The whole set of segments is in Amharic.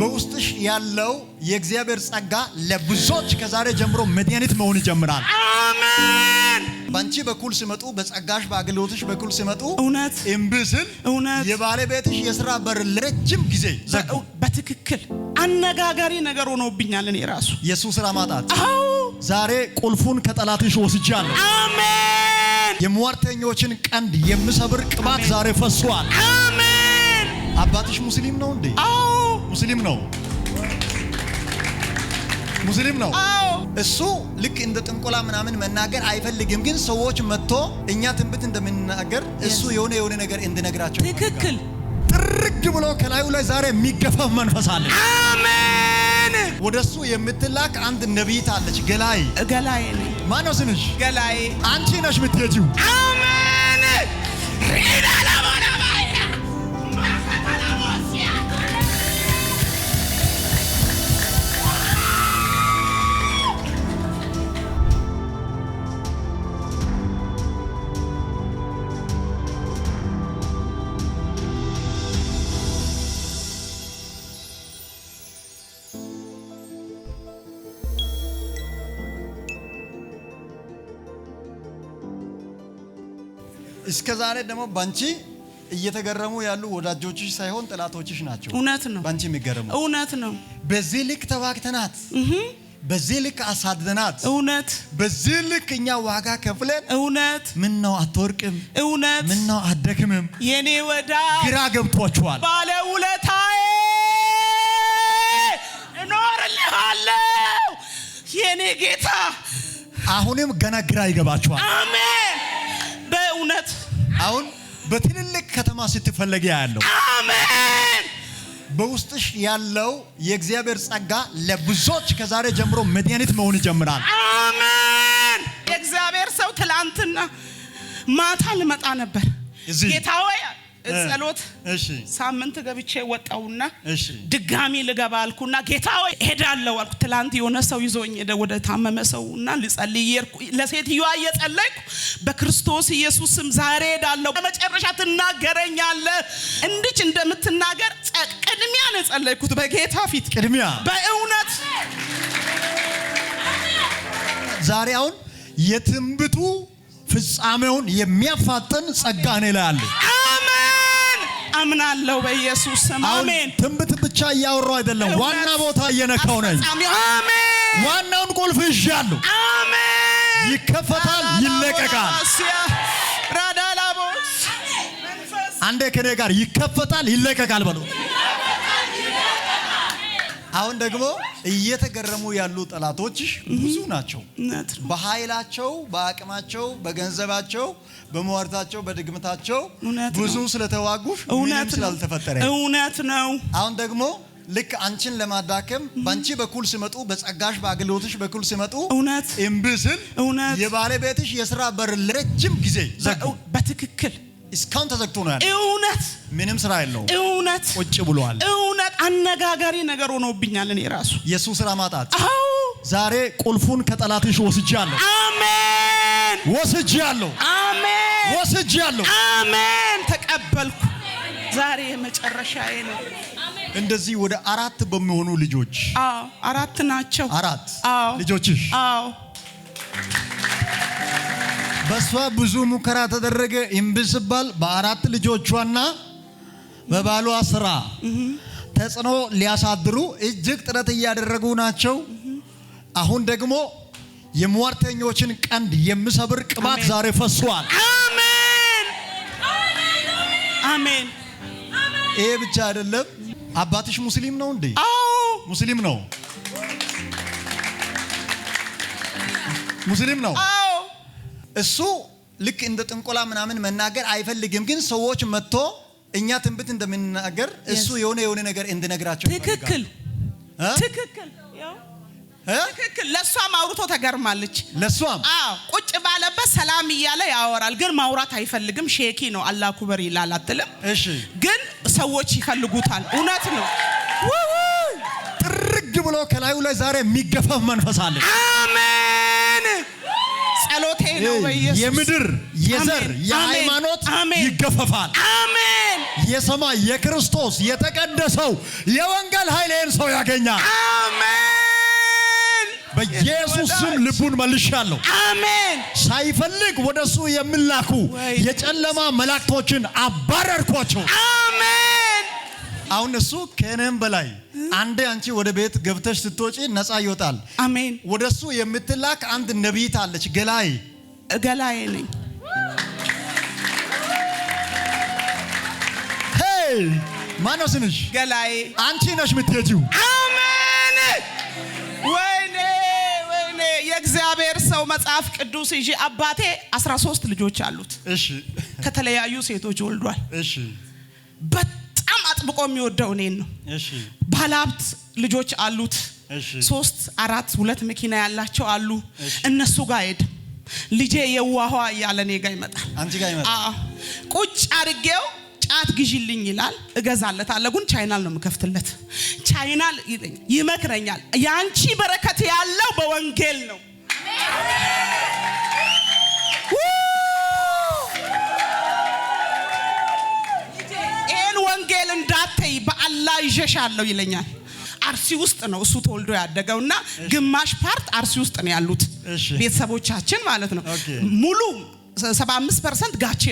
በውስጥሽ ያለው የእግዚአብሔር ጸጋ ለብዙዎች ከዛሬ ጀምሮ መድኃኒት መሆን ይጀምራል። አሜን። በአንቺ በኩል ሲመጡ፣ በጸጋሽ በአገልግሎትሽ በኩል ሲመጡ እውነት እምብስል እውነት የባለቤትሽ የስራ በር ለረጅም ጊዜ በትክክል አነጋጋሪ ነገር ሆኖብኛል። እኔ ራሱ የሱ ስራ ማጣት ዛሬ ቁልፉን ከጠላትሽ ወስጃለሁ። አሜን። የሟርተኞችን ቀንድ የምሰብር ቅባት ዛሬ ፈሷል። አሜን። አባትሽ ሙስሊም ነው እንዴ? ሙስሊም ነው፣ ሙስሊም ነው። እሱ ልክ እንደ ጥንቆላ ምናምን መናገር አይፈልግም። ግን ሰዎች መጥቶ እኛ ትንቢት እንደምንናገር እሱ የሆነ የሆነ ነገር እንድነግራቸው ትክክል ጥርግ ብሎ ከላዩ ላይ ዛሬ የሚገፋ መንፈስ አለ። አሜን። ወደሱ የምትላክ አንድ ነቢይት አለች። ገላይ ገላይ ማነው ስንሽ? ገላይ አንቺ ነሽ የምትሄጂው። አሜን እስከ ዛሬ ደግሞ ባንቺ እየተገረሙ ያሉ ወዳጆችሽ ሳይሆን ጠላቶችሽ ናቸው። እውነት ነው። ባንቺ የሚገረሙ እውነት ነው። በዚህ ልክ ተባክተናት፣ በዚህ ልክ አሳድደናት፣ እውነት በዚህ ልክ እኛ ዋጋ ከፍለን፣ እውነት ምን ነው አትወርቅም፣ እውነት ምን ነው አትደክምም። የኔ ወዳ ግራ ገብቷችኋል። ውለታዬ እኖርልሃለሁ የኔ ጌታ። አሁንም ገና ግራ ይገባችኋል። አሜን አሁን በትልልቅ ከተማ ስትፈለግ ያለው አሜን። በውስጥሽ ያለው የእግዚአብሔር ጸጋ ለብዙዎች ከዛሬ ጀምሮ መድኃኒት መሆን ይጀምራል። አሜን። የእግዚአብሔር ሰው ትላንትና ማታ ልመጣ ነበር ጌታ ጸሎት ሳምንት ገብቼ ወጣውና ድጋሚ ልገባ አልኩና ጌታ ሆይ ሄዳለሁ አልኩ። ትላንት የሆነ ሰው ይዞኝ ሄደ ወደ ታመመ ሰውና ልጸልይ ለሴትዮዋ እየጸለይኩ በክርስቶስ ኢየሱስ ዛሬ ሄዳለሁ፣ በመጨረሻ ትናገረኛለህ። እንድች እንደምትናገር ቅድሚያ ነው የጸለይኩት በጌታ ፊት ቅድሚያ በእውነት ዛሬ አሁን የትንብቱ ፍጻሜውን የሚያፋጥን ጸጋ እኔ ላይ አለ። አምናለሁ በኢየሱስ ስም አሜን። ትንቢት ብቻ እያወራሁ አይደለም፣ ዋና ቦታ እየነካው ነኝ። ዋናውን ቁልፍ ይዣለሁ። አሜን። ይከፈታል፣ ይለቀቃል። አንዴ ከኔ ጋር ይከፈታል፣ ይለቀቃል በሉ አሁን ደግሞ እየተገረሙ ያሉ ጠላቶች ብዙ ናቸው። በኃይላቸው፣ በአቅማቸው፣ በገንዘባቸው፣ በመዋርታቸው፣ በድግምታቸው ብዙ ስለተዋጉሽ ምንም ስላልተፈጠረ እውነት ነው። አሁን ደግሞ ልክ አንቺን ለማዳከም በአንቺ በኩል ሲመጡ በጸጋሽ በአገልግሎትሽ በኩል ሲመጡ እውነት እምብስል እውነት የባለቤትሽ የስራ በር ለረጅም ጊዜ ዘጉ። በትክክል እስካሁን ተዘግቶ ነው ያለ። እውነት ምንም ስራ የለውም። እውነት ቁጭ ብሏል። አነጋጋሪ ነገር ሆኖብኛል። እኔ ራሱ የሱስ ስራ ማጣት። አዎ ዛሬ ቁልፉን ከጠላትሽ ወስጃለሁ። አሜን። ወስጃለሁ። አሜን። ወስጃለሁ። አሜን። ተቀበልኩ። ዛሬ የመጨረሻዬ ነው። እንደዚህ ወደ አራት በሚሆኑ ልጆች አዎ፣ አራት ናቸው። አራት ልጆችሽ አዎ በእሷ ብዙ ሙከራ ተደረገ። እምቢ በአራት ልጆቿና በባሏ ስራ ተጽዕኖ ሊያሳድሩ እጅግ ጥረት እያደረጉ ናቸው። አሁን ደግሞ የሟርተኞችን ቀንድ የሚሰብር ቅባት ዛሬ ፈሷል። አሜን አሜን። ይሄ ብቻ አይደለም። አባትሽ ሙስሊም ነው እንዴ? አዎ ሙስሊም ነው። ሙስሊም ነው። እሱ ልክ እንደ ጥንቆላ ምናምን መናገር አይፈልግም፣ ግን ሰዎች መጥቶ እኛ ትንብት እንደምንናገር እሱ የሆነ የሆነ ነገር እንድነግራቸው ትክክል ትክክል ትክክል። ለእሷም አውርቶ ተገርማለች። ለእሷም ቁጭ ባለበት ሰላም እያለ ያወራል፣ ግን ማውራት አይፈልግም። ሼኪ ነው አላሁ ኩበር ይላል አትልም፣ ግን ሰዎች ይፈልጉታል። እውነት ነው። ጥርግ ብሎ ከላዩ ላይ ዛሬ የሚገፋፍ መንፈስ አለ። አሜን ጸሎቴ ነው። በኢየሱስ የምድር የዘር የሃይማኖት ይገፈፋል። አሜን። የሰማይ የክርስቶስ የተቀደሰው የወንጌል ኃይል ይህን ሰው ያገኛል። አሜን። በኢየሱስ ስም ልቡን መልሻለሁ። አሜን። ሳይፈልግ ወደሱ የሚላኩ የጨለማ መላእክቶችን አባረርኳቸው። አሁን እሱ ከእኔም በላይ አንዴ አንቺ ወደ ቤት ገብተሽ ስትወጪ ነፃ ይወጣል። አሜን። ወደ እሱ የምትላክ አንድ ነቢይት አለች። ገላይ ገላይ ነኝ። ሄይ ማነው ስንሽ? ገላይ አንቺ ነሽ የምትሄጂው። አሜን። ወይኔ ወይኔ፣ የእግዚአብሔር ሰው መጽሐፍ ቅዱስ ይዤ አባቴ 13 ልጆች አሉት። እሺ። ከተለያዩ ሴቶች ወልዷል። እሺ አጥብቆ የሚወደው እኔን ነው። ባለሀብት ልጆች አሉት፣ ሶስት አራት ሁለት መኪና ያላቸው አሉ። እነሱ ጋር ሄድ ልጄ የዋኋ እያለ እኔ ጋር ይመጣል። ቁጭ አድርጌው ጫት ግዢልኝ ይላል፣ እገዛለታለሁ። ግን ቻይናል ነው የምከፍትለት። ቻይናል ይመክረኛል። የአንቺ በረከት ያለው በወንጌል ነው። ቤተል እንዳትይ በአላህ ይሸሻለሁ ይለኛል። አርሲ ውስጥ ነው እሱ ተወልዶ ያደገውና ግማሽ ፓርት አርሲ ውስጥ ነው ያሉት ቤተሰቦቻችን ማለት ነው። ሙሉ 75 ፐርሰንት ጋቼ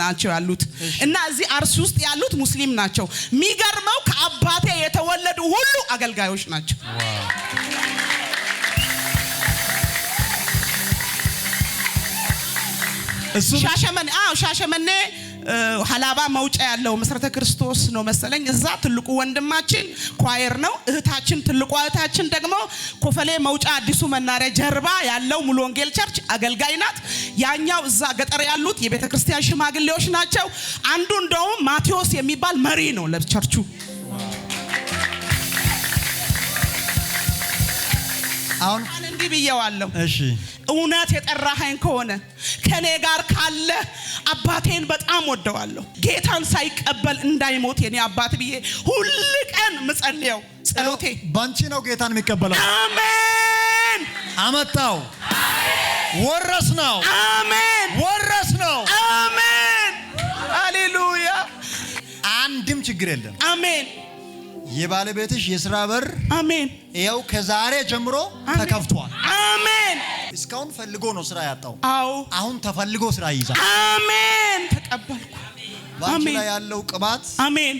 ናቸው ያሉት እና እዚህ አርሲ ውስጥ ያሉት ሙስሊም ናቸው። የሚገርመው ከአባቴ የተወለዱ ሁሉ አገልጋዮች ናቸው። ሻሸመኔ ሀላባ መውጫ ያለው መሰረተ ክርስቶስ ነው መሰለኝ። እዛ ትልቁ ወንድማችን ኳየር ነው። እህታችን ትልቁ እህታችን ደግሞ ኮፈሌ መውጫ አዲሱ መናሪያ ጀርባ ያለው ሙሉ ወንጌል ቸርች አገልጋይ ናት። ያኛው እዛ ገጠር ያሉት የቤተ ክርስቲያን ሽማግሌዎች ናቸው። አንዱ እንደውም ማቴዎስ የሚባል መሪ ነው ለቸርቹ አሁን እንዲህ ብየዋለሁ። እውነት የጠራኸኝ ከሆነ ከእኔ ጋር ካለ አባቴን በጣም ወደዋለሁ። ጌታን ሳይቀበል እንዳይሞት የኔ አባት ብዬ ሁል ቀን ምጸልየው ጸሎቴ ባንቺ ነው። ጌታን የሚቀበለው አሜን። አመጣው ወረስ ነው። አሜን ወረስ ነው። አሜን ሃሌሉያ። አንድም ችግር የለም። አሜን የባለቤትሽ የስራ በር አሜን፣ ይኸው ከዛሬ ጀምሮ ተከፍቷል። አሜን። እስካሁን ፈልጎ ነው ስራ ያጣው። አዎ፣ አሁን ተፈልጎ ስራ ይይዛል። አሜን። ተቀበልኩ። ባንቺ ላይ ያለው ቅባት አሜን።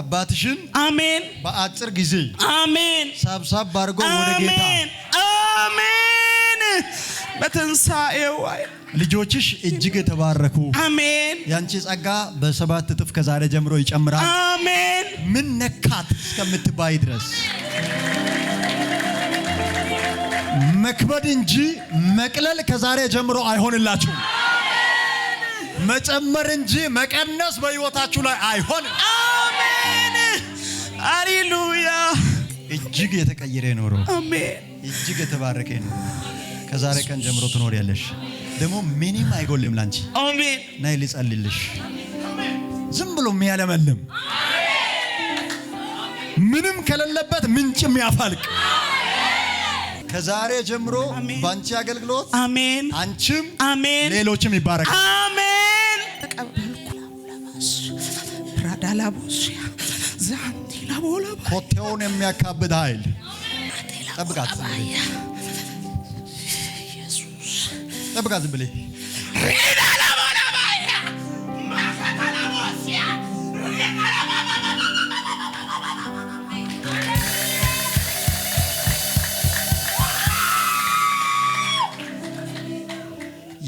አባትሽን አሜን፣ በአጭር ጊዜ አሜን፣ ሰብሰብ አድርጎ ወደ ጌታ አሜን በትንሣኤው ልጆችሽ እጅግ የተባረኩ አሜን። ያንቺ ጸጋ በሰባት እጥፍ ከዛሬ ጀምሮ ይጨምራል። አሜን። ምን ነካት እስከምትባይ ድረስ መክበድ እንጂ መቅለል ከዛሬ ጀምሮ አይሆንላችሁም። መጨመር እንጂ መቀነስ በሕይወታችሁ ላይ አይሆንም። አሜን። ሃሌሉያ። እጅግ የተቀየረ ኖሮ አሜን። እጅግ የተባረከ ኖሮ ከዛሬ ቀን ጀምሮ ትኖር ያለሽ ደግሞ ምንም አይጎልም ላንቺ። አሜን። ናይ ልጸልልሽ። ዝም ብሎ የሚያለመልም ምንም ከሌለበት ምንጭ የሚያፋልቅ ከዛሬ ጀምሮ በአንቺ አገልግሎት አሜን። አንቺም አሜን፣ ሌሎችም ይባረክ። አሜን። ተቀበልኩ ራዳላቦሲያ ዛንቲ ኮቴውን የሚያካብድ ኃይል ጠብቃት። ጠብቃት ብለህ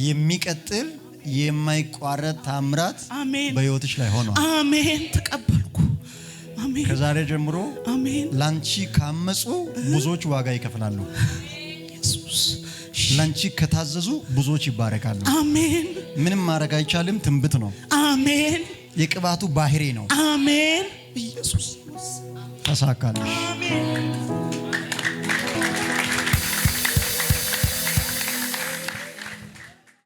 የሚቀጥል የማይቋረጥ ታምራት በህይወትሽ ላይ ሆኗል። አሜን። ተቀበልኩ። ከዛሬ ጀምሮ ላንቺ ካመፁ ብዙዎች ዋጋ ይከፍላሉ። ለአንቺ ከታዘዙ ብዙዎች ይባረካሉ። አሜን። ምንም ማድረግ አይቻልም። ትንብት ነው። አሜን። የቅባቱ ባህሪ ነው። አሜን። ኢየሱስ ተሳካለሽ።